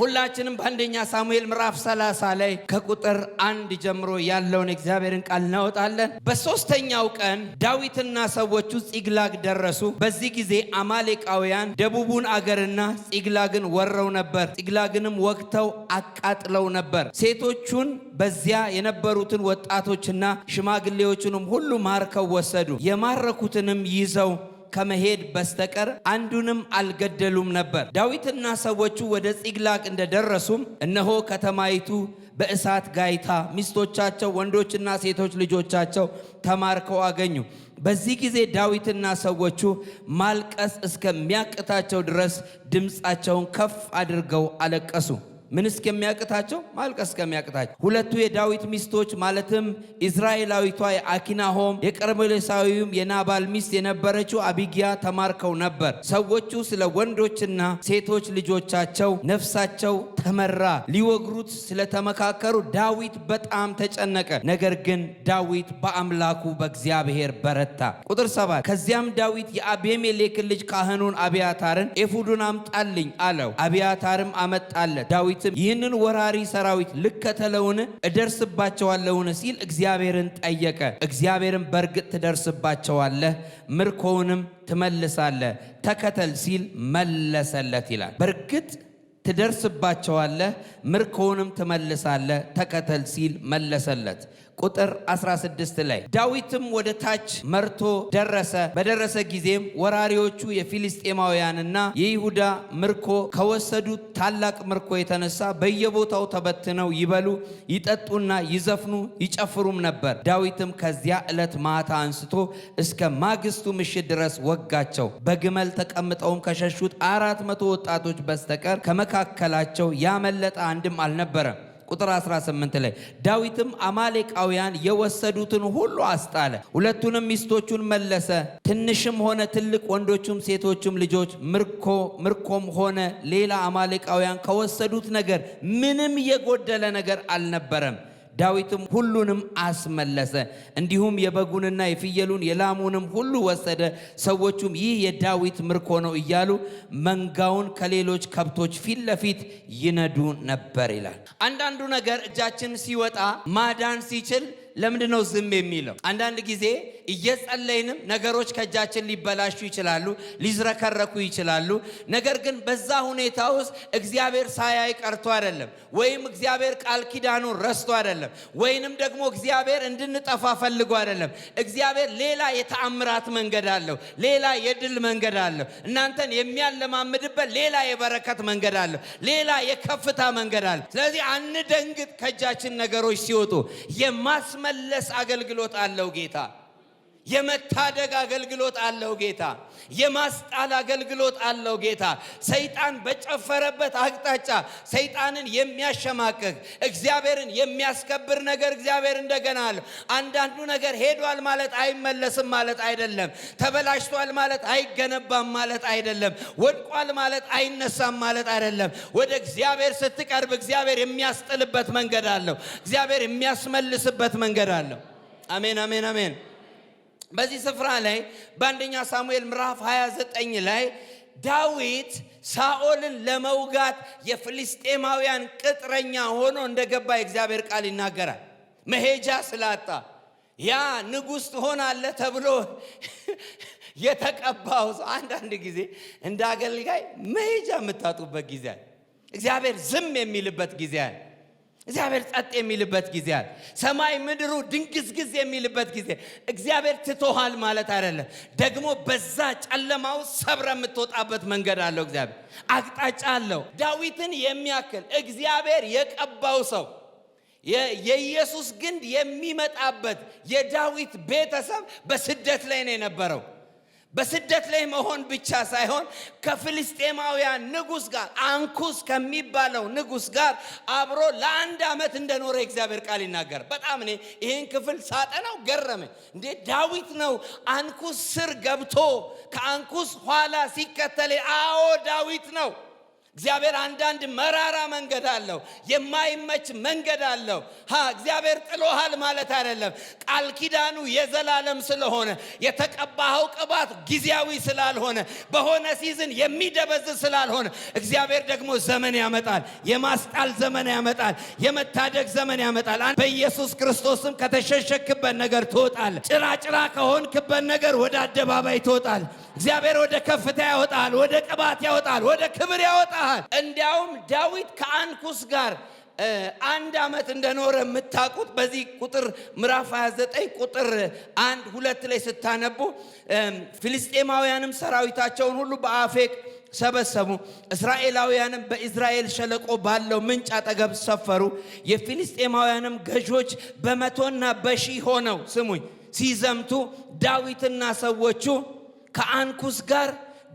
ሁላችንም በአንደኛ ሳሙኤል ምዕራፍ 30 ላይ ከቁጥር አንድ ጀምሮ ያለውን እግዚአብሔርን ቃል እናወጣለን። በሦስተኛው ቀን ዳዊትና ሰዎቹ ጺግላግ ደረሱ። በዚህ ጊዜ አማሌቃውያን ደቡቡን አገርና ጺግላግን ወረው ነበር። ጺግላግንም ወግተው አቃጥለው ነበር። ሴቶቹን በዚያ የነበሩትን ወጣቶችና ሽማግሌዎችንም ሁሉ ማርከው ወሰዱ። የማረኩትንም ይዘው ከመሄድ በስተቀር አንዱንም አልገደሉም ነበር። ዳዊትና ሰዎቹ ወደ ጺቅላግ እንደደረሱም እነሆ ከተማይቱ በእሳት ጋይታ፣ ሚስቶቻቸው ወንዶችና ሴቶች ልጆቻቸው ተማርከው አገኙ። በዚህ ጊዜ ዳዊትና ሰዎቹ ማልቀስ እስከሚያቅታቸው ድረስ ድምፃቸውን ከፍ አድርገው አለቀሱ። ምን እስከሚያቅታቸው ማልቀስ እስከሚያቅታቸው። ሁለቱ የዳዊት ሚስቶች ማለትም እስራኤላዊቷ የአኪናሆም የቀርሜሎሳዊውም የናባል ሚስት የነበረችው አቢጊያ ተማርከው ነበር። ሰዎቹ ስለ ወንዶችና ሴቶች ልጆቻቸው ነፍሳቸው ተመራ። ሊወግሩት ስለተመካከሩ ዳዊት በጣም ተጨነቀ። ነገር ግን ዳዊት በአምላኩ በእግዚአብሔር በረታ። ቁጥር ሰባት ከዚያም ዳዊት የአቤሜሌክን ልጅ ካህኑን አብያታርን ኤፉዱን አምጣልኝ አለው። አብያታርም አመጣለት። ዳዊት ሰራዊትም ይህንን ወራሪ ሰራዊት ልከተለውን እደርስባቸዋለውን ሲል እግዚአብሔርን ጠየቀ። እግዚአብሔርን በእርግጥ ትደርስባቸዋለህ፣ ምርኮውንም ትመልሳለህ፣ ተከተል ሲል መለሰለት ይላል። በእርግጥ ትደርስባቸዋለህ፣ ምርኮውንም ትመልሳለህ፣ ተከተል ሲል መለሰለት። ቁጥር 16 ላይ ዳዊትም ወደ ታች መርቶ ደረሰ። በደረሰ ጊዜም ወራሪዎቹ የፊልስጤማውያንና የይሁዳ ምርኮ ከወሰዱት ታላቅ ምርኮ የተነሳ በየቦታው ተበትነው ይበሉ፣ ይጠጡና ይዘፍኑ ይጨፍሩም ነበር። ዳዊትም ከዚያ ዕለት ማታ አንስቶ እስከ ማግስቱ ምሽት ድረስ ወጋቸው። በግመል ተቀምጠውም ከሸሹት አራት መቶ ወጣቶች በስተቀር ከመካከላቸው ያመለጠ አንድም አልነበረም። ቁጥር 18 ላይ ዳዊትም አማሌቃውያን የወሰዱትን ሁሉ አስጣለ፣ ሁለቱንም ሚስቶቹን መለሰ። ትንሽም ሆነ ትልቅ ወንዶቹም ሴቶቹም ልጆች ምርኮ ምርኮም ሆነ ሌላ አማሌቃውያን ከወሰዱት ነገር ምንም የጎደለ ነገር አልነበረም። ዳዊትም ሁሉንም አስመለሰ፣ እንዲሁም የበጉንና የፍየሉን የላሙንም ሁሉ ወሰደ። ሰዎቹም ይህ የዳዊት ምርኮ ነው እያሉ መንጋውን ከሌሎች ከብቶች ፊት ለፊት ይነዱ ነበር ይላል። አንዳንዱ ነገር እጃችን ሲወጣ ማዳን ሲችል ለምንድነው ዝም የሚለው? አንዳንድ ጊዜ እየጸለይንም ነገሮች ከእጃችን ሊበላሹ ይችላሉ፣ ሊዝረከረኩ ይችላሉ። ነገር ግን በዛ ሁኔታ ውስጥ እግዚአብሔር ሳያይ ቀርቶ አይደለም፣ ወይም እግዚአብሔር ቃል ኪዳኑን ረስቶ አይደለም፣ ወይንም ደግሞ እግዚአብሔር እንድንጠፋ ፈልጎ አይደለም። እግዚአብሔር ሌላ የተአምራት መንገድ አለው፣ ሌላ የድል መንገድ አለው። እናንተን የሚያለማምድበት ሌላ የበረከት መንገድ አለው፣ ሌላ የከፍታ መንገድ አለው። ስለዚህ አንደንግጥ ከእጃችን ነገሮች ሲወጡ የማስ የማይመለስ አገልግሎት አለው ጌታ የመታደግ አገልግሎት አለው ጌታ። የማስጣል አገልግሎት አለው ጌታ። ሰይጣን በጨፈረበት አቅጣጫ ሰይጣንን የሚያሸማቅቅ እግዚአብሔርን የሚያስከብር ነገር እግዚአብሔር እንደገና አለው። አንዳንዱ ነገር ሄዷል ማለት አይመለስም ማለት አይደለም። ተበላሽቷል ማለት አይገነባም ማለት አይደለም። ወድቋል ማለት አይነሳም ማለት አይደለም። ወደ እግዚአብሔር ስትቀርብ እግዚአብሔር የሚያስጥልበት መንገድ አለው። እግዚአብሔር የሚያስመልስበት መንገድ አለው። አሜን፣ አሜን፣ አሜን። በዚህ ስፍራ ላይ በአንደኛ ሳሙኤል ምዕራፍ 29 ላይ ዳዊት ሳኦልን ለመውጋት የፍልስጤማውያን ቅጥረኛ ሆኖ እንደገባ የእግዚአብሔር ቃል ይናገራል። መሄጃ ስላጣ ያ ንጉሥ ትሆናለህ ተብሎ የተቀባው ሰው አንዳንድ ጊዜ እንደ አገልጋይ መሄጃ የምታጡበት ጊዜ አለ። እግዚአብሔር ዝም የሚልበት ጊዜ አለ። እግዚአብሔር ጸጥ የሚልበት ጊዜ አለ። ሰማይ ምድሩ ድንግዝግዝ የሚልበት ጊዜ እግዚአብሔር ትቶሃል ማለት አይደለም። ደግሞ በዛ ጨለማው ሰብረ የምትወጣበት መንገድ አለው። እግዚአብሔር አቅጣጫ አለው። ዳዊትን የሚያክል እግዚአብሔር የቀባው ሰው የኢየሱስ ግንድ የሚመጣበት የዳዊት ቤተሰብ በስደት ላይ ነው የነበረው። በስደት ላይ መሆን ብቻ ሳይሆን ከፍልስጤማውያን ንጉሥ ጋር አንኩስ ከሚባለው ንጉሥ ጋር አብሮ ለአንድ ዓመት እንደኖረ እግዚአብሔር ቃል ይናገር። በጣም እኔ ይህን ክፍል ሳጠናው ገረመ። እንዴ ዳዊት ነው አንኩስ ስር ገብቶ ከአንኩስ ኋላ ሲከተል፣ አዎ ዳዊት ነው። እግዚአብሔር አንዳንድ መራራ መንገድ አለው፣ የማይመች መንገድ አለው። ሀ እግዚአብሔር ጥሎሃል ማለት አይደለም። ቃል ኪዳኑ የዘላለም ስለሆነ የተቀባኸው ቅባት ጊዜያዊ ስላልሆነ በሆነ ሲዝን የሚደበዝ ስላልሆነ እግዚአብሔር ደግሞ ዘመን ያመጣል፣ የማስጣል ዘመን ያመጣል፣ የመታደግ ዘመን ያመጣል። በኢየሱስ ክርስቶስም ከተሸሸክበት ነገር ትወጣል። ጭራጭራ ከሆንክበት ነገር ወደ አደባባይ ትወጣል። እግዚአብሔር ወደ ከፍታ ያወጣል፣ ወደ ቅባት ያወጣል፣ ወደ ክብር ያወጣል። እንዲያውም ዳዊት ከአንኩስ ጋር አንድ ዓመት እንደኖረ የምታውቁት በዚህ ቁጥር ምዕራፍ 29 ቁጥር አንድ ሁለት ላይ ስታነቡ ፊልስጤማውያንም ሰራዊታቸውን ሁሉ በአፌቅ ሰበሰቡ፣ እስራኤላውያንም በኢዝራኤል ሸለቆ ባለው ምንጭ አጠገብ ሰፈሩ። የፊልስጤማውያንም ገዦች በመቶና በሺህ ሆነው ስሙኝ ሲዘምቱ ዳዊትና ሰዎቹ ከአንኩስ ጋር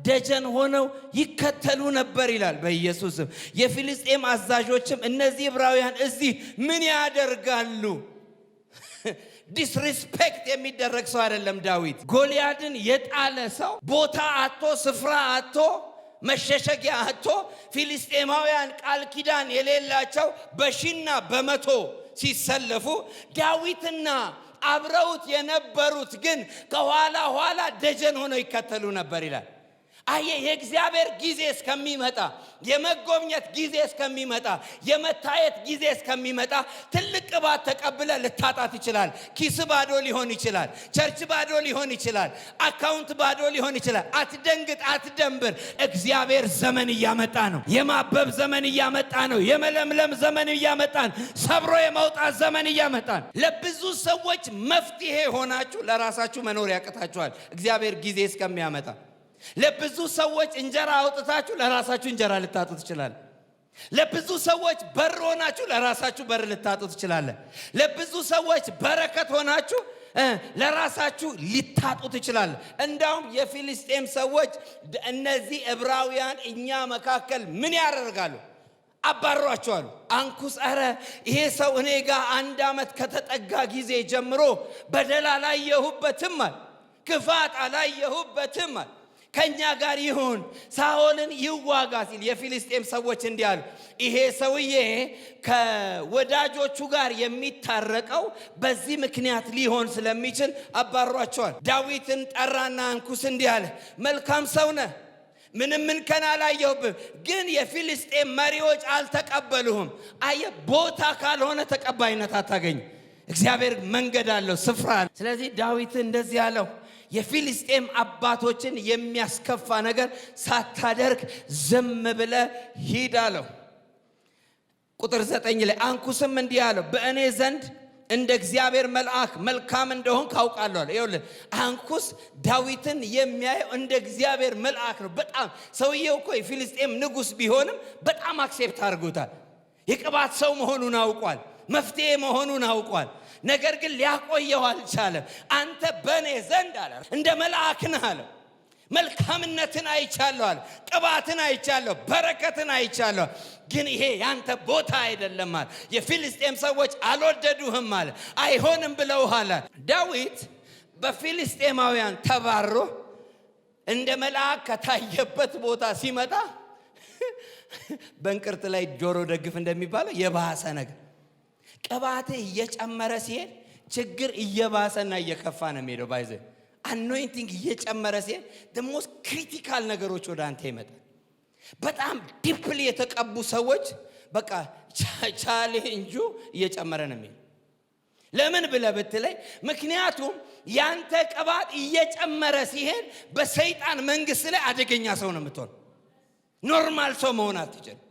ደጀን ሆነው ይከተሉ ነበር ይላል። በኢየሱስም የፊልስጤም አዛዦችም እነዚህ ዕብራውያን እዚህ ምን ያደርጋሉ? ዲስሪስፔክት የሚደረግ ሰው አይደለም። ዳዊት ጎልያድን የጣለ ሰው ቦታ አቶ ስፍራ አቶ መሸሸጊያ አቶ ፊልስጤማውያን ቃል ኪዳን የሌላቸው በሺና በመቶ ሲሰለፉ ዳዊትና አብረውት የነበሩት ግን ከኋላ ኋላ ደጀን ሆነው ይከተሉ ነበር ይላል። አየ የእግዚአብሔር ጊዜ እስከሚመጣ የመጎብኘት ጊዜ እስከሚመጣ የመታየት ጊዜ እስከሚመጣ ትልቅ ቅባት ተቀብለ ልታጣት ይችላል ኪስ ባዶ ሊሆን ይችላል። ቸርች ባዶ ሊሆን ይችላል። አካውንት ባዶ ሊሆን ይችላል። አትደንግጥ፣ አትደንብር። እግዚአብሔር ዘመን እያመጣ ነው። የማበብ ዘመን እያመጣ ነው። የመለምለም ዘመን እያመጣ ነው። ሰብሮ የመውጣት ዘመን እያመጣ ነው። ለብዙ ሰዎች መፍትሄ ሆናችሁ ለራሳችሁ መኖር ያቅታችኋል። እግዚአብሔር ጊዜ እስከሚያመጣ ለብዙ ሰዎች እንጀራ አውጥታችሁ ለራሳችሁ እንጀራ ልታጡ ትችላለ። ለብዙ ሰዎች በር ሆናችሁ ለራሳችሁ በር ልታጡ ትችላለ። ለብዙ ሰዎች በረከት ሆናችሁ ለራሳችሁ ሊታጡ ትችላለ። እንዳውም የፊልስጤም ሰዎች እነዚህ ዕብራውያን እኛ መካከል ምን ያደርጋሉ? አባሯቸዋል። አንኩስ ኧረ ይሄ ሰው እኔ ጋር አንድ ዓመት ከተጠጋ ጊዜ ጀምሮ በደል አላየሁበትም አል ክፋት አላየሁበትም ከእኛ ጋር ይሁን፣ ሳኦልን ይዋጋ ሲል የፊልስጤም ሰዎች እንዲህ አሉ፣ ይሄ ሰውዬ ከወዳጆቹ ጋር የሚታረቀው በዚህ ምክንያት ሊሆን ስለሚችል አባሯቸዋል። ዳዊትን ጠራና አንኩስ እንዲህ አለ፣ መልካም ሰው ነህ ምንም ከና አላየሁብም፣ ግን የፊልስጤም መሪዎች አልተቀበሉህም። አየ ቦታ ካልሆነ ተቀባይነት አታገኝ። እግዚአብሔር መንገድ አለው ስፍራ። ስለዚህ ዳዊት እንደዚህ አለው የፊልስጤም አባቶችን የሚያስከፋ ነገር ሳታደርግ ዝም ብለ ሂድ አለው። ቁጥር ዘጠኝ ላይ አንኩስም እንዲህ አለው በእኔ ዘንድ እንደ እግዚአብሔር መልአክ መልካም እንደሆን ካውቃለሁ አለ። ይኸውልህ አንኩስ ዳዊትን የሚያየው እንደ እግዚአብሔር መልአክ ነው። በጣም ሰውየው እኮ የፊልስጤም ንጉሥ ቢሆንም በጣም አክሴፕት አድርጎታል። የቅባት ሰው መሆኑን አውቋል። መፍትሄ መሆኑን አውቋል። ነገር ግን ሊያቆየው አልቻለም። አንተ በእኔ ዘንድ አለ እንደ መልአክ ነህ አለ። መልካምነትን አይቻለሁ አለ። ቅባትን አይቻለሁ፣ በረከትን አይቻለሁ። ግን ይሄ ያንተ ቦታ አይደለም አለ። የፊልስጤም ሰዎች አልወደዱህም አለ። አይሆንም ብለውሃል። ዳዊት በፊልስጤማውያን ተባሮ እንደ መልአክ ከታየበት ቦታ ሲመጣ በእንቅርት ላይ ጆሮ ደግፍ እንደሚባለው የባሰ ነገር ቅባትህ እየጨመረ ሲሄድ ችግር እየባሰና እየከፋ ነው የሚሄደው። ባይዘ አኖይንቲንግ እየጨመረ ሲሄድ ደሞስ ክሪቲካል ነገሮች ወደ አንተ ይመጣል። በጣም ዲፕሊ የተቀቡ ሰዎች በቃ ቻሌንጁ እየጨመረ ነው የሚሄደው። ለምን ብለህ ብትለይ፣ ምክንያቱም ያንተ ቅባት እየጨመረ ሲሄድ በሰይጣን መንግስት ላይ አደገኛ ሰው ነው የምትሆን። ኖርማል ሰው መሆን አትችልም።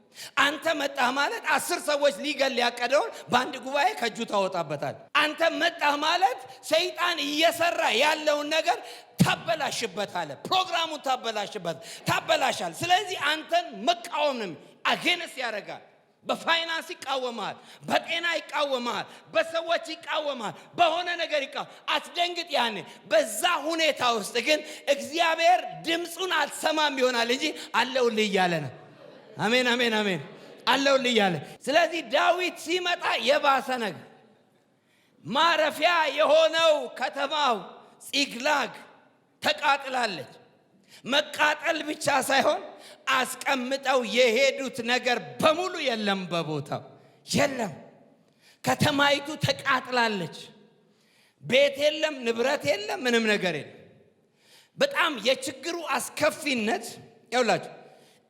አንተ መጣህ ማለት አስር ሰዎች ሊገል ያቀደውን በአንድ ጉባኤ ከእጁ ታወጣበታል። አንተ መጣህ ማለት ሰይጣን እየሰራ ያለውን ነገር ታበላሽበት አለ። ፕሮግራሙን ታበላሽበት ታበላሻል። ስለዚህ አንተን መቃወምንም አጌንስ ያደርጋል። በፋይናንስ ይቃወማል፣ በጤና ይቃወማል፣ በሰዎች ይቃወማል፣ በሆነ ነገር ይቃወም። አትደንግጥ። ያኔ በዛ ሁኔታ ውስጥ ግን እግዚአብሔር ድምፁን አልሰማም ይሆናል እንጂ አለውልህ እያለ ነው። አሜን፣ አሜን፣ አሜን አለውል እያለ ስለዚህ ዳዊት ሲመጣ የባሰ ነገር ማረፊያ የሆነው ከተማው ፂግላግ ተቃጥላለች። መቃጠል ብቻ ሳይሆን አስቀምጠው የሄዱት ነገር በሙሉ የለም፣ በቦታው የለም። ከተማይቱ ተቃጥላለች። ቤት የለም፣ ንብረት የለም፣ ምንም ነገር የለም። በጣም የችግሩ አስከፊነት ያውላችሁ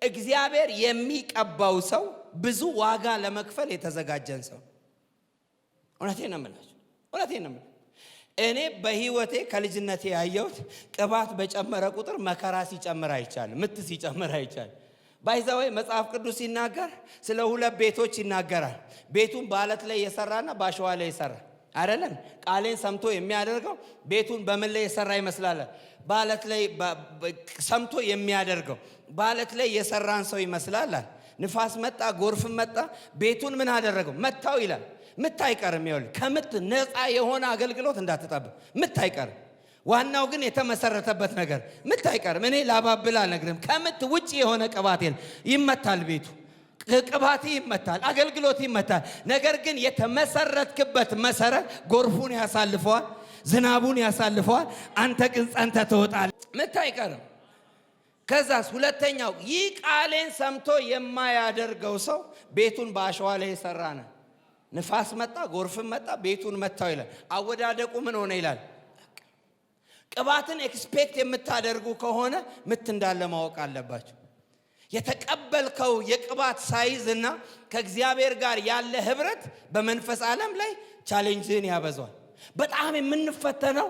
እግዚአብሔር የሚቀባው ሰው ብዙ ዋጋ ለመክፈል የተዘጋጀን ሰው። እውነቴ ነው የምላቸው፣ እውነቴ ነው እኔ በህይወቴ ከልጅነቴ ያየሁት ቅባት በጨመረ ቁጥር መከራ ሲጨምር አይቻልም፣ ምት ሲጨምር አይቻልም። ባይዛወይ መጽሐፍ ቅዱስ ሲናገር ስለ ሁለት ቤቶች ይናገራል። ቤቱን በአለት ላይ የሰራና በአሸዋ ላይ የሰራ አይደለም። ቃሌን ሰምቶ የሚያደርገው ቤቱን በምን ላይ የሰራ ይመስላል? በአለት ላይ ሰምቶ የሚያደርገው በአለት ላይ የሰራን ሰው ይመስላል። ንፋስ መጣ፣ ጎርፍ መጣ፣ ቤቱን ምን አደረገው? መታው ይላል። ምት አይቀርም። ይኸውልህ ከምት ነፃ የሆነ አገልግሎት እንዳትጠብቅ። ምት አይቀርም። ዋናው ግን የተመሰረተበት ነገር ምት አይቀርም። እኔ ላባብል አልነግርም። ከምት ውጭ የሆነ ቅባት የለም። ይመታል ቤቱ ቅባት ይመታል፣ አገልግሎት ይመታል። ነገር ግን የተመሰረትክበት መሰረት ጎርፉን ያሳልፈዋል፣ ዝናቡን ያሳልፈዋል። አንተ ግን ጸንተ ትወጣል። ምት አይቀርም። ከዛስ ሁለተኛው ይህ ቃሌን ሰምቶ የማያደርገው ሰው ቤቱን በአሸዋ ላይ የሰራ ነ ንፋስ መጣ፣ ጎርፍን መጣ፣ ቤቱን መታው ይላል። አወዳደቁ ምን ሆነ ይላል። ቅባትን ኤክስፔክት የምታደርጉ ከሆነ ምት እንዳለ ማወቅ አለባቸው። የተቀበልከው የቅባት ሳይዝ እና ከእግዚአብሔር ጋር ያለ ህብረት በመንፈስ ዓለም ላይ ቻሌንጅን ያበዛዋል። በጣም የምንፈተነው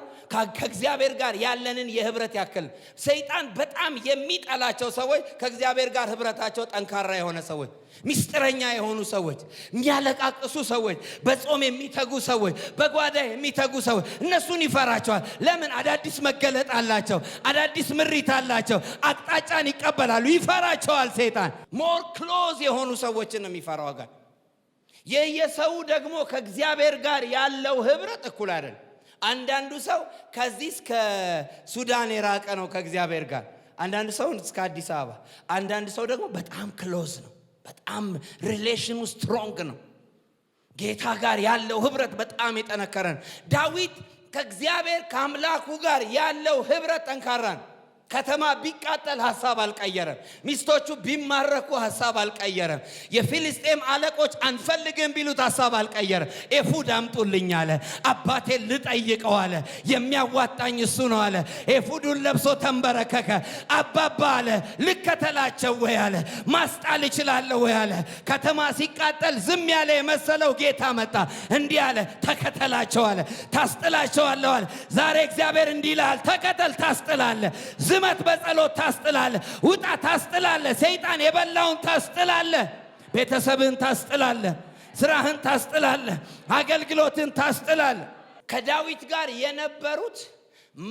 ከእግዚአብሔር ጋር ያለንን የህብረት ያክል። ሰይጣን በጣም የሚጠላቸው ሰዎች ከእግዚአብሔር ጋር ህብረታቸው ጠንካራ የሆነ ሰዎች፣ ሚስጥረኛ የሆኑ ሰዎች፣ የሚያለቃቅሱ ሰዎች፣ በጾም የሚተጉ ሰዎች፣ በጓዳ የሚተጉ ሰዎች እነሱን ይፈራቸዋል። ለምን? አዳዲስ መገለጥ አላቸው፣ አዳዲስ ምሪት አላቸው፣ አቅጣጫን ይቀበላሉ። ይፈራቸዋል ሴጣን ሞር ክሎዝ የሆኑ ሰዎችን ነው የሚፈራው ጋር የየሰው ደግሞ ከእግዚአብሔር ጋር ያለው ህብረት እኩል አይደለም። አንዳንዱ ሰው ከዚህ እስከ ሱዳን የራቀ ነው ከእግዚአብሔር ጋር፣ አንዳንዱ ሰው እስከ አዲስ አበባ፣ አንዳንድ ሰው ደግሞ በጣም ክሎዝ ነው። በጣም ሪሌሽኑ ስትሮንግ ነው። ጌታ ጋር ያለው ህብረት በጣም የጠነከረ ነው። ዳዊት ከእግዚአብሔር ከአምላኩ ጋር ያለው ህብረት ጠንካራ ነው። ከተማ ቢቃጠል ሀሳብ አልቀየረም። ሚስቶቹ ቢማረኩ ሀሳብ አልቀየረም። የፊልስጤም አለቆች አንፈልግም ቢሉት ሀሳብ አልቀየረም። ኤፉድ አምጡልኝ አለ። አባቴ ልጠይቀው አለ። የሚያዋጣኝ እሱ ነው አለ። ኤፉዱን ለብሶ ተንበረከከ። አባባ አለ ልከተላቸው ወይ አለ። ማስጣል እችላለሁ ወይ አለ። ከተማ ሲቃጠል ዝም ያለ የመሰለው ጌታ መጣ። እንዲህ አለ ተከተላቸው አለ። ታስጥላቸዋለሁ አለ። ዛሬ እግዚአብሔር እንዲህ ይልሃል፣ ተከተል ታስጥላለህ ስመት በጸሎት ታስጥላለ፣ ውጣ ታስጥላለ፣ ሰይጣን የበላውን ታስጥላለ፣ ቤተሰብህን ታስጥላለ፣ ስራህን ታስጥላለ፣ አገልግሎትን ታስጥላለ። ከዳዊት ጋር የነበሩት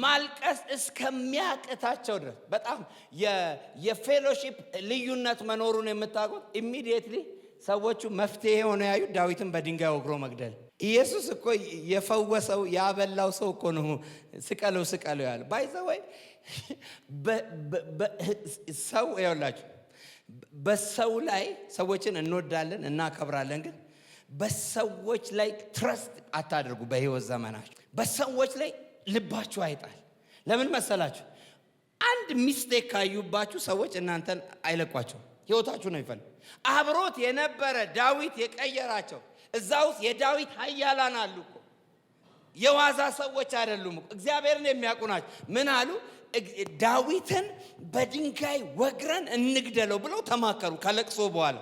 ማልቀስ እስከሚያቅታቸው ድረስ በጣም የፌሎሺፕ ልዩነት መኖሩን የምታውቁት ኢሚዲየትሊ ሰዎቹ መፍትሄ ሆነ ያዩት ዳዊትን በድንጋይ ወግሮ መግደል። ኢየሱስ እኮ የፈወሰው ያበላው ሰው እኮ ነው። ስቀለው ስቀለው ያለ ባይዘወይ ሰው ያውላችሁ በሰው ላይ ሰዎችን እንወዳለን እናከብራለን፣ ግን በሰዎች ላይ ትረስት አታደርጉ። በህይወት ዘመናችሁ በሰዎች ላይ ልባችሁ አይጣል። ለምን መሰላችሁ? አንድ ሚስቴክ ካዩባችሁ ሰዎች እናንተን አይለቋቸው፣ ህይወታችሁ ነው ይፈል አብሮት የነበረ ዳዊት የቀየራቸው እዛ ውስጥ የዳዊት ኃያላን አሉ የዋዛ ሰዎች አይደሉም። እግዚአብሔርን የሚያውቁ ናቸው። ምን አሉ? ዳዊትን በድንጋይ ወግረን እንግደለው ብለው ተማከሩ። ከለቅሶ በኋላ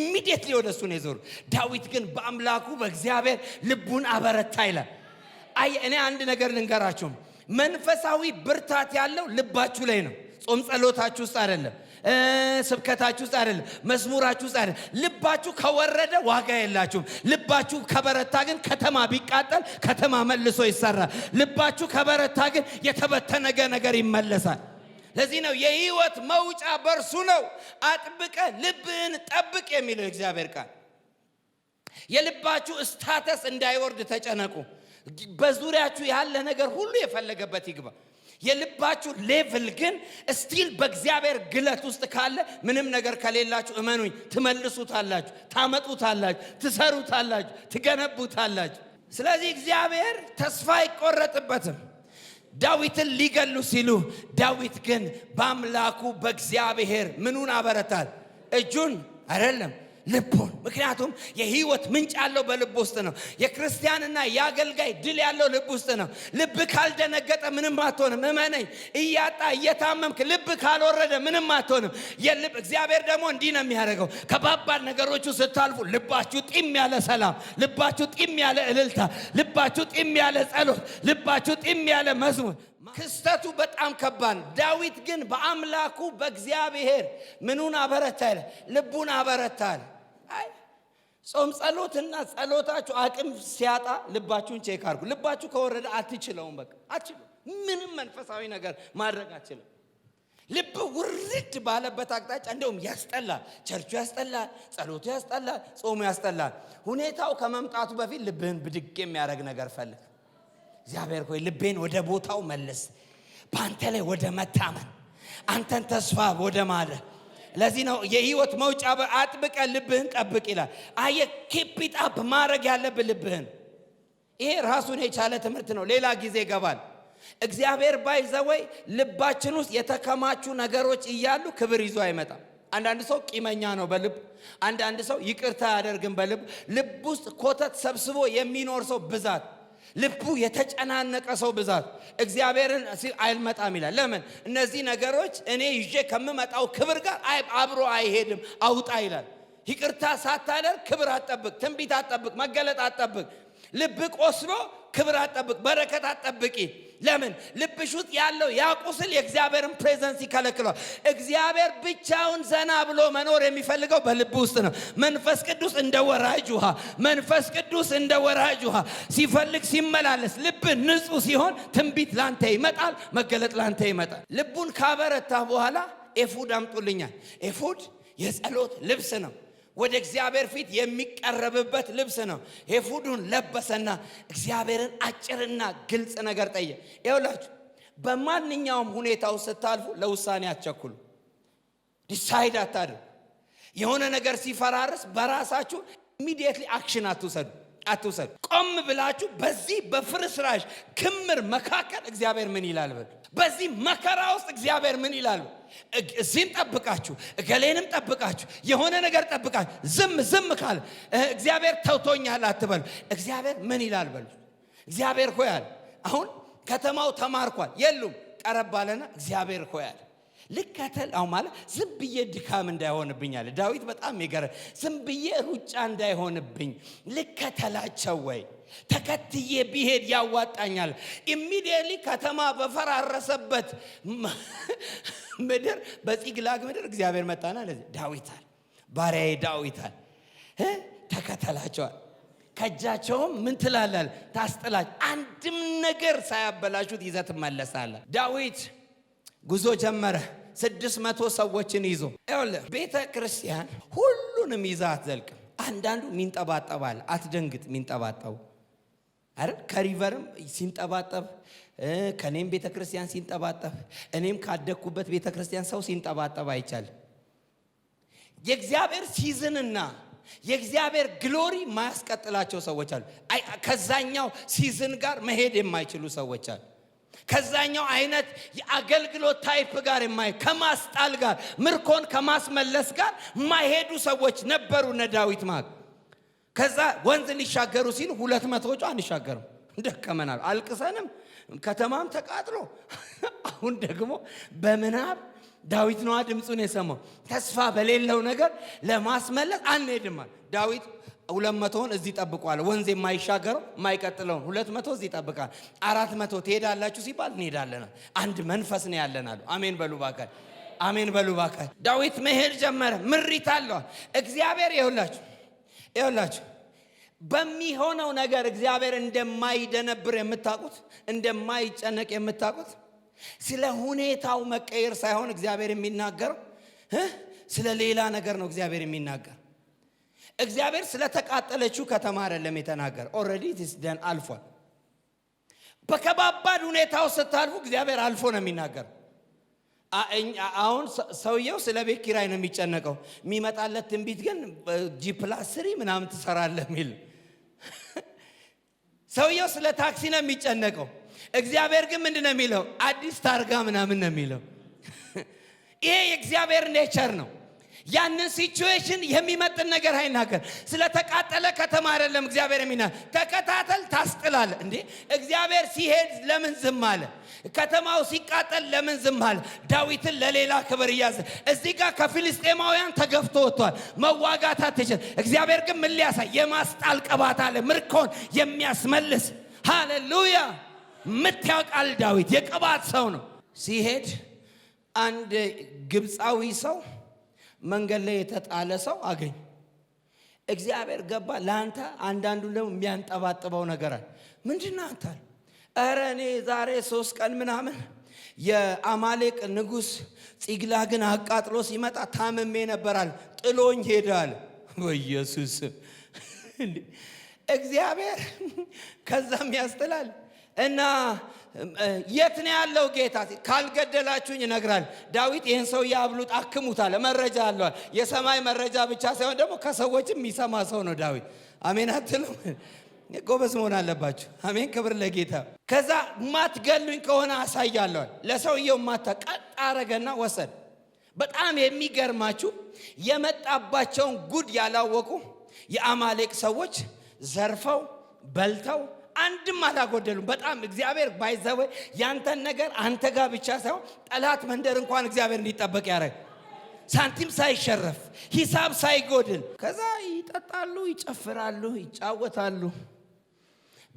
ኢሚዲየትሊ ወደ እሱ ነው የዞሩ። ዳዊት ግን በአምላኩ በእግዚአብሔር ልቡን አበረታ ይለ አይ እኔ አንድ ነገር ልንገራችሁም፣ መንፈሳዊ ብርታት ያለው ልባችሁ ላይ ነው፣ ጾም ጸሎታችሁ ውስጥ አይደለም። ስብከታችሁ ውስጥ አይደለም፣ መዝሙራችሁ ውስጥ አይደለም። ልባችሁ ከወረደ ዋጋ የላችሁም። ልባችሁ ከበረታ ግን ከተማ ቢቃጠል ከተማ መልሶ ይሰራል። ልባችሁ ከበረታ ግን የተበተነገ ነገር ይመለሳል። ለዚህ ነው የህይወት መውጫ በእርሱ ነው፣ አጥብቀ ልብህን ጠብቅ የሚለው እግዚአብሔር ቃል። የልባችሁ ስታተስ እንዳይወርድ ተጨነቁ። በዙሪያችሁ ያለ ነገር ሁሉ የፈለገበት ይግባ። የልባችሁ ሌቭል ግን ስቲል በእግዚአብሔር ግለት ውስጥ ካለ ምንም ነገር ከሌላችሁ እመኑኝ፣ ትመልሱታላችሁ፣ ታመጡታላችሁ፣ ትሰሩታላችሁ፣ ትገነቡታላችሁ። ስለዚህ እግዚአብሔር ተስፋ አይቆረጥበትም። ዳዊትን ሊገሉ ሲሉ ዳዊት ግን በአምላኩ በእግዚአብሔር ምኑን አበረታል? እጁን አይደለም ልቡን። ምክንያቱም የህይወት ምንጭ ያለው በልብ ውስጥ ነው። የክርስቲያንና የአገልጋይ ድል ያለው ልብ ውስጥ ነው። ልብ ካልደነገጠ ምንም አትሆንም። እመነኝ፣ እያጣ እየታመምክ ልብ ካልወረደ ምንም አትሆንም። የልብ እግዚአብሔር ደግሞ እንዲህ ነው የሚያደርገው። ከባባድ ነገሮቹ ስታልፉ ልባችሁ ጢም ያለ ሰላም፣ ልባችሁ ጢም ያለ እልልታ፣ ልባችሁ ጢም ያለ ጸሎት፣ ልባችሁ ጢም ያለ መዝሙር ክስተቱ በጣም ከባድ ዳዊት ግን በአምላኩ በእግዚአብሔር ምኑን አበረታ ልቡን አበረታ አይ ጾም ጸሎትና ጸሎታችሁ አቅም ሲያጣ ልባችሁን ቼክ አድርጉ። ልባችሁ ከወረደ አትችለውም። በቃ አትችሉም። ምንም መንፈሳዊ ነገር ማድረግ አትችልም። ልብ ውርድ ባለበት አቅጣጫ እንደውም ያስጠላል። ቸርቹ ያስጠላል፣ ጸሎቱ ያስጠላል፣ ጾሙ ያስጠላል። ሁኔታው ከመምጣቱ በፊት ልብህን ብድግ የሚያደርግ ነገር ፈልግ። እግዚአብሔር ሆይ ልቤን ወደ ቦታው መልስ፣ በአንተ ላይ ወደ መታመን፣ አንተን ተስፋ ወደ ማድረግ ለዚህ ነው የህይወት መውጫ አጥብቀ ልብህን ጠብቅ ይላል። አየ ኪፒት አፕ ማድረግ ያለብህ ልብህን። ይሄ ራሱን የቻለ ትምህርት ነው። ሌላ ጊዜ ይገባል። እግዚአብሔር ባይዘወይ ልባችን ውስጥ የተከማቹ ነገሮች እያሉ ክብር ይዞ አይመጣም። አንዳንድ ሰው ቂመኛ ነው በልብ አንዳንድ ሰው ይቅርታ አያደርግም በልብ ልብ ውስጥ ኮተት ሰብስቦ የሚኖር ሰው ብዛት ልቡ የተጨናነቀ ሰው ብዛት እግዚአብሔርን አይልመጣም ይላል። ለምን? እነዚህ ነገሮች እኔ ይዤ ከምመጣው ክብር ጋር አብሮ አይሄድም። አውጣ ይላል። ይቅርታ ሳታደርግ ክብር አጠብቅ ትንቢት አጠብቅ መገለጥ አጠብቅ ልብ ቆስሎ ክብር አጠብቅ በረከት አጠብቂ። ለምን ልብሽ ውስጥ ያለው ያቁስል የእግዚአብሔርን ፕሬዘንስ ይከለክለዋል። እግዚአብሔር ብቻውን ዘና ብሎ መኖር የሚፈልገው በልብ ውስጥ ነው። መንፈስ ቅዱስ እንደ ወራጅ ውሃ መንፈስ ቅዱስ እንደ ወራጅ ውሃ ሲፈልግ ሲመላለስ፣ ልብ ንጹህ ሲሆን ትንቢት ላንተ ይመጣል፣ መገለጥ ላንተ ይመጣል። ልቡን ካበረታ በኋላ ኤፉድ አምጡልኛል። ኤፉድ የጸሎት ልብስ ነው። ወደ እግዚአብሔር ፊት የሚቀረብበት ልብስ ነው። ኤፉዱን ለበሰና እግዚአብሔርን አጭርና ግልጽ ነገር ጠየ። ይኸውላችሁ በማንኛውም ሁኔታው ስታልፉ ለውሳኔ አትቸኩሉ። ዲሳይድ አታድርጉ። የሆነ ነገር ሲፈራርስ በራሳችሁ ኢሚዲየትሊ አክሽን አትውሰዱ አትውሰዱ። ቆም ብላችሁ በዚህ በፍርስራሽ ክምር መካከል እግዚአብሔር ምን ይላል በሉ። በዚህ መከራ ውስጥ እግዚአብሔር ምን ይላል እዚህም ጠብቃችሁ እገሌንም ጠብቃችሁ የሆነ ነገር ጠብቃችሁ ዝም ዝም ካል እግዚአብሔር ተውቶኛል አትበሉ። እግዚአብሔር ምን ይላል በሉ። እግዚአብሔር ሆያል። አሁን ከተማው ተማርኳል የሉም። ቀረባለና እግዚአብሔር ሆያል ልከተል አሁ ማለት ዝም ብዬ ድካም እንዳይሆንብኝ አለ ዳዊት። በጣም ይገረ ዝም ብዬ ሩጫ እንዳይሆንብኝ ልከተላቸው ወይ ተከትዬ ቢሄድ ያዋጣኛል። ኢሚዲየትሊ ከተማ በፈራረሰበት ምድር በፂግላግ ምድር እግዚአብሔር መጣና ለዚህ አለ ባሪያዬ ዳዊት ዳዊታል ተከተላቸዋል። ከእጃቸውም ምን ትላላል ታስጥላች አንድም ነገር ሳያበላሹት ይዘት መለሳለ ዳዊት ጉዞ ጀመረ። ስድስት መቶ ሰዎችን ይዞ ይኸውልህ፣ ቤተ ክርስቲያን ሁሉንም ይዛ አትዘልቅም። አንዳንዱ ሚንጠባጠባል፣ አትደንግጥ። ሚንጠባጠቡ አረ ከሪቨርም ሲንጠባጠብ፣ ከኔም ቤተ ክርስቲያን ሲንጠባጠብ፣ እኔም ካደግኩበት ቤተ ክርስቲያን ሰው ሲንጠባጠብ አይቻልም። የእግዚአብሔር ሲዝንና የእግዚአብሔር ግሎሪ ማያስቀጥላቸው ሰዎች አሉ። ከዛኛው ሲዝን ጋር መሄድ የማይችሉ ሰዎች አሉ። ከዛኛው አይነት የአገልግሎት ታይፕ ጋር የማይ ከማስጣል ጋር ምርኮን ከማስመለስ ጋር ማሄዱ ሰዎች ነበሩ። ነዳዊት ዳዊት ማግ ከዛ ወንዝ ሊሻገሩ ሲሉ ሁለት መቶ ጮ አንሻገርም፣ ደከመናል፣ አልቅሰንም፣ ከተማም ተቃጥሎ አሁን ደግሞ በምናብ ዳዊት ነዋ ድምፁን የሰማው ተስፋ በሌለው ነገር ለማስመለስ አንሄድማል ዳዊት ሁለት መቶውን እዚህ ጠብቋል። ወንዝ የማይሻገረው የማይቀጥለውን ሁለት መቶ እዚህ ይጠብቃል። አራት መቶ ትሄዳላችሁ ሲባል እንሄዳለን። አንድ መንፈስ ነው ያለን አሉ። አሜን በሉ እባክህ፣ አሜን በሉ እባክህ። ዳዊት መሄድ ጀመረ። ምሪት አለዋል። እግዚአብሔር ይኸውላችሁ፣ ይኸውላችሁ በሚሆነው ነገር እግዚአብሔር እንደማይደነብር የምታውቁት እንደማይጨነቅ የምታውቁት ስለ ሁኔታው መቀየር ሳይሆን እግዚአብሔር የሚናገረው ስለ ሌላ ነገር ነው። እግዚአብሔር የሚናገር እግዚአብሔር ስለተቃጠለችው ከተማ አይደለም የተናገር። ኦልሬዲ ደን አልፏል። በከባባድ ሁኔታው ስታልፉ እግዚአብሔር አልፎ ነው የሚናገር። አሁን ሰውየው ስለ ቤት ኪራይ ነው የሚጨነቀው። የሚመጣለት ትንቢት ግን ጂፕላስ ስሪ ምናምን ትሰራለህ የሚል ሰውየው ስለ ታክሲ ነው የሚጨነቀው። እግዚአብሔር ግን ምንድን ነው የሚለው? አዲስ ታርጋ ምናምን ነው የሚለው። ይሄ የእግዚአብሔር ኔቸር ነው። ያንን ሲቹዌሽን የሚመጥን ነገር አይናገር። ስለተቃጠለ ከተማ አይደለም እግዚአብሔር የሚና ተከታተል፣ ታስጥላል እንዴ እግዚአብሔር ሲሄድ ለምን ዝም አለ? ከተማው ሲቃጠል ለምን ዝም አለ? ዳዊትን ለሌላ ክብር እያዘ እዚህ ጋር ከፊልስጤማውያን ተገፍቶ ወጥቷል። መዋጋት አትችል። እግዚአብሔር ግን ምን ሊያሳይ የማስጣል ቅባት አለ፣ ምርኮን የሚያስመልስ ሃሌሉያ። ምትያውቃል ዳዊት የቅባት ሰው ነው። ሲሄድ አንድ ግብፃዊ ሰው መንገድ ላይ የተጣለ ሰው አገኝ። እግዚአብሔር ገባ ለአንተ። አንዳንዱ ደግሞ የሚያንጠባጥበው ነገር አለ። ምንድና አንተ? እኔ ዛሬ ሶስት ቀን ምናምን የአማሌቅ ንጉሥ ፂግላግን አቃጥሎ ሲመጣ ታምሜ ነበራል ጥሎኝ ሄዳል። በኢየሱስ እግዚአብሔር ከዛም ያስጥላል እና የት ነው ያለው ጌታ? ካልገደላችሁኝ ይነግራል። ዳዊት ይህን ሰው ያብሉት አክሙታ መረጃ አለዋል። የሰማይ መረጃ ብቻ ሳይሆን ደግሞ ከሰዎችም የሚሰማ ሰው ነው ዳዊት። አሜን አትሉም? ጎበዝ መሆን አለባችሁ። አሜን፣ ክብር ለጌታ። ከዛ ማትገሉኝ ከሆነ አሳያለዋል። ለሰውየው ማታ ቀጥ አረገና ወሰድ። በጣም የሚገርማችሁ የመጣባቸውን ጉድ ያላወቁ የአማሌቅ ሰዎች ዘርፈው በልተው አንድም አላጎደሉም። በጣም እግዚአብሔር ባይዘወ ያንተን ነገር አንተ ጋር ብቻ ሳይሆን ጠላት መንደር እንኳን እግዚአብሔር እንዲጠበቅ ያደረግ ሳንቲም ሳይሸረፍ ሂሳብ ሳይጎድል ከዛ ይጠጣሉ፣ ይጨፍራሉ፣ ይጫወታሉ።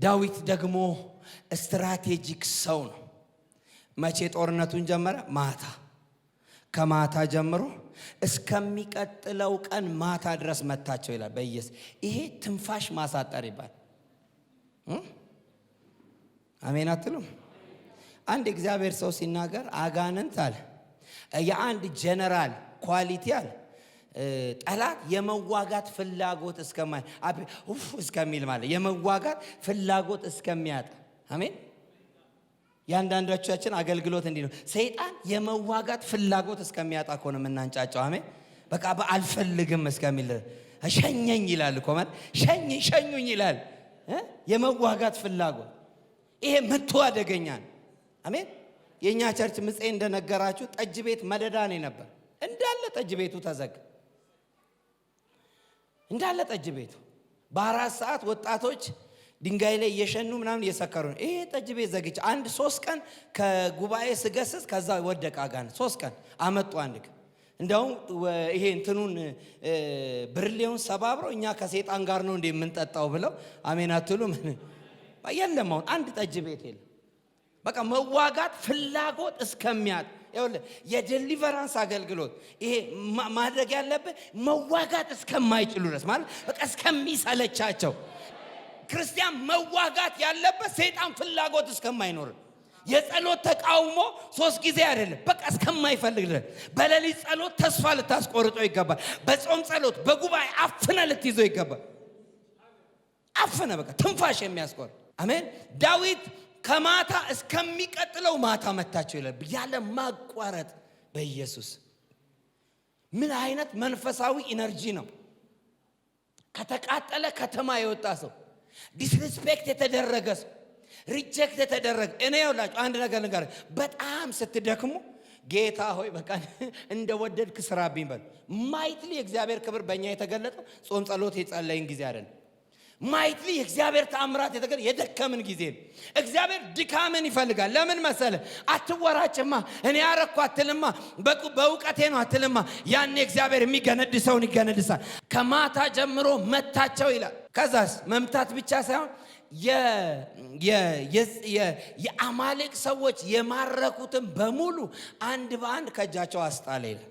ዳዊት ደግሞ ስትራቴጂክ ሰው ነው። መቼ ጦርነቱን ጀመረ? ማታ ከማታ ጀምሮ እስከሚቀጥለው ቀን ማታ ድረስ መታቸው ይላል። በየስ ይሄ ትንፋሽ ማሳጠር ይባላል። አሜን አትሉም? አንድ እግዚአብሔር ሰው ሲናገር አጋንንት አለ የአንድ ጀነራል ኳሊቲ አለ ጠላት የመዋጋት ፍላጎት እስከማ እስከሚል ማለት የመዋጋት ፍላጎት እስከሚያጣ አሜን። የአንዳንዶቻችን አገልግሎት እንዲህ ነው። ሰይጣን የመዋጋት ፍላጎት እስከሚያጣ እኮ ነው የምናንጫጫው። አሜን። በቃ አልፈልግም እስከሚል ሸኘኝ ይላል እኮ ማለት ሸኝ ሸኙኝ ይላል የመዋጋት ፍላጎት ይሄ መቶ አደገኛ ነው። አሜን። የእኛ ቸርች ምፄ እንደነገራችሁ ጠጅ ቤት መደዳ ነው ነበር። እንዳለ ጠጅ ቤቱ ተዘግ እንዳለ ጠጅ ቤቱ በአራት ሰዓት ወጣቶች ድንጋይ ላይ እየሸኑ ምናምን እየሰከሩ ነው። ይሄ ጠጅ ቤት ዘግቼ አንድ ሶስት ቀን ከጉባኤ ስገስስ ከዛ ወደቀ አጋን ሶስት ቀን አመጡ አንድ ቀን እንደውም ይሄ እንትኑን ብርሌውን ሰባብረው እኛ ከሴጣን ጋር ነው እንደ የምንጠጣው ብለው አሜን አትሉም? የለም አሁን አንድ ጠጅ ቤት የለም። በቃ መዋጋት ፍላጎት እስከሚያጥ የደሊቨራንስ አገልግሎት ይሄ ማድረግ ያለብህ መዋጋት እስከማይችሉ ድረስ ማለት በቃ እስከሚሰለቻቸው ክርስቲያን መዋጋት ያለበት ሰይጣን ፍላጎት እስከማይኖርን የጸሎት ተቃውሞ ሶስት ጊዜ አይደለም፣ በቃ እስከማይፈልግ ድረስ በሌሊት ጸሎት ተስፋ ልታስቆርጦ ይገባል። በጾም ጸሎት፣ በጉባኤ አፍነ ልትይዞ ይገባል። አፍነ በቃ ትንፋሽ የሚያስቆር አሜን። ዳዊት ከማታ እስከሚቀጥለው ማታ መታቸው ይላል ያለ ማቋረጥ በኢየሱስ ምን አይነት መንፈሳዊ ኢነርጂ ነው! ከተቃጠለ ከተማ የወጣ ሰው፣ ዲስሪስፔክት የተደረገ ሰው ሪጀክት የተደረገ እኔ ይኸውላችሁ አንድ ነገር ንገር፣ በጣም ስትደክሙ ጌታ ሆይ በቃ እንደወደድክ ስራብኝ በል። ማይትሊ የእግዚአብሔር ክብር በእኛ የተገለጠው ጾም ጸሎት የጸለይን ጊዜ አይደለም። ማይትሊ የእግዚአብሔር ተአምራት የተገለ የደከምን ጊዜ ነው። እግዚአብሔር ድካምን ይፈልጋል። ለምን መሰለ? አትወራጭማ፣ እኔ ያረኩ አትልማ፣ በእውቀቴ ነው አትልማ። ያኔ እግዚአብሔር የሚገነድሰውን ይገነድሳል። ከማታ ጀምሮ መታቸው ይላል። ከዛስ መምታት ብቻ ሳይሆን የአማሌቅ ሰዎች የማረኩትን በሙሉ አንድ በአንድ ከእጃቸው አስጣለ ይላል።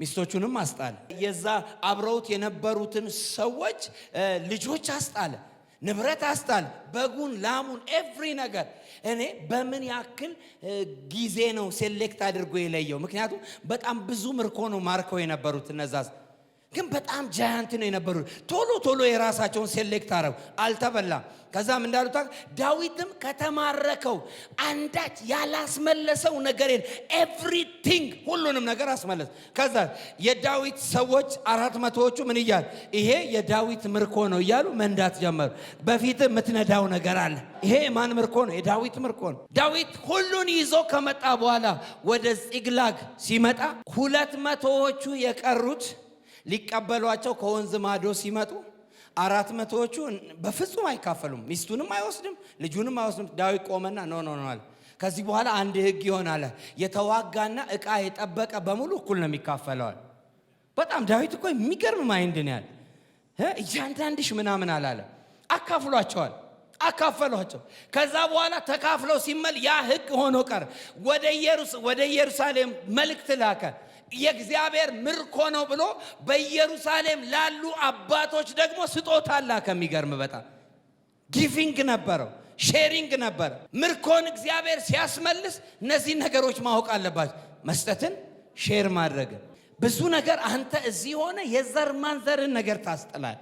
ሚስቶቹንም አስጣለ። የዛ አብረውት የነበሩትን ሰዎች ልጆች አስጣለ፣ ንብረት አስጣለ፣ በጉን፣ ላሙን፣ ኤቭሪ ነገር። እኔ በምን ያክል ጊዜ ነው ሴሌክት አድርጎ የለየው? ምክንያቱም በጣም ብዙ ምርኮ ነው ማርከው የነበሩት እነዛ ግን በጣም ጃያንት ነው የነበሩ። ቶሎ ቶሎ የራሳቸውን ሴሌክት አረው አልተበላም። ከዛም እንዳሉት ዳዊትም ከተማረከው አንዳች ያላስመለሰው ነገር የለ፣ ኤቭሪቲንግ ሁሉንም ነገር አስመለሰ። ከዛ የዳዊት ሰዎች አራት መቶዎቹ ምን እያል ይሄ የዳዊት ምርኮ ነው እያሉ መንዳት ጀመሩ። በፊት የምትነዳው ነገር አለ። ይሄ የማን ምርኮ ነው? የዳዊት ምርኮ ነው። ዳዊት ሁሉን ይዞ ከመጣ በኋላ ወደ ፂግላግ ሲመጣ ሁለት መቶዎቹ የቀሩት ሊቀበሏቸው ከወንዝ ማዶ ሲመጡ አራት መቶዎቹ በፍጹም አይካፈሉም። ሚስቱንም አይወስድም፣ ልጁንም አይወስድም። ዳዊት ቆመና ኖ ኖ አለ። ከዚህ በኋላ አንድ ህግ ይሆናል። የተዋጋና እቃ የጠበቀ በሙሉ እኩል ነው የሚካፈለዋል። በጣም ዳዊት እኮ የሚገርም ማይንድ ነው ያለ። እያንዳንድሽ ምናምን አላለ፣ አካፍሏቸዋል አካፈሏቸው። ከዛ በኋላ ተካፍለው ሲመል ያ ህግ ሆኖ ቀር። ወደ ኢየሩሳሌም መልእክት ላከ። የእግዚአብሔር ምርኮ ነው ብሎ በኢየሩሳሌም ላሉ አባቶች ደግሞ ስጦታ አላ ከሚገርም በጣም ጊቪንግ ነበረው፣ ሼሪንግ ነበረ። ምርኮን እግዚአብሔር ሲያስመልስ እነዚህን ነገሮች ማወቅ አለባቸው፣ መስጠትን፣ ሼር ማድረግን። ብዙ ነገር አንተ እዚህ ሆነ የዘር ማንዘርን ነገር ታስጥላል።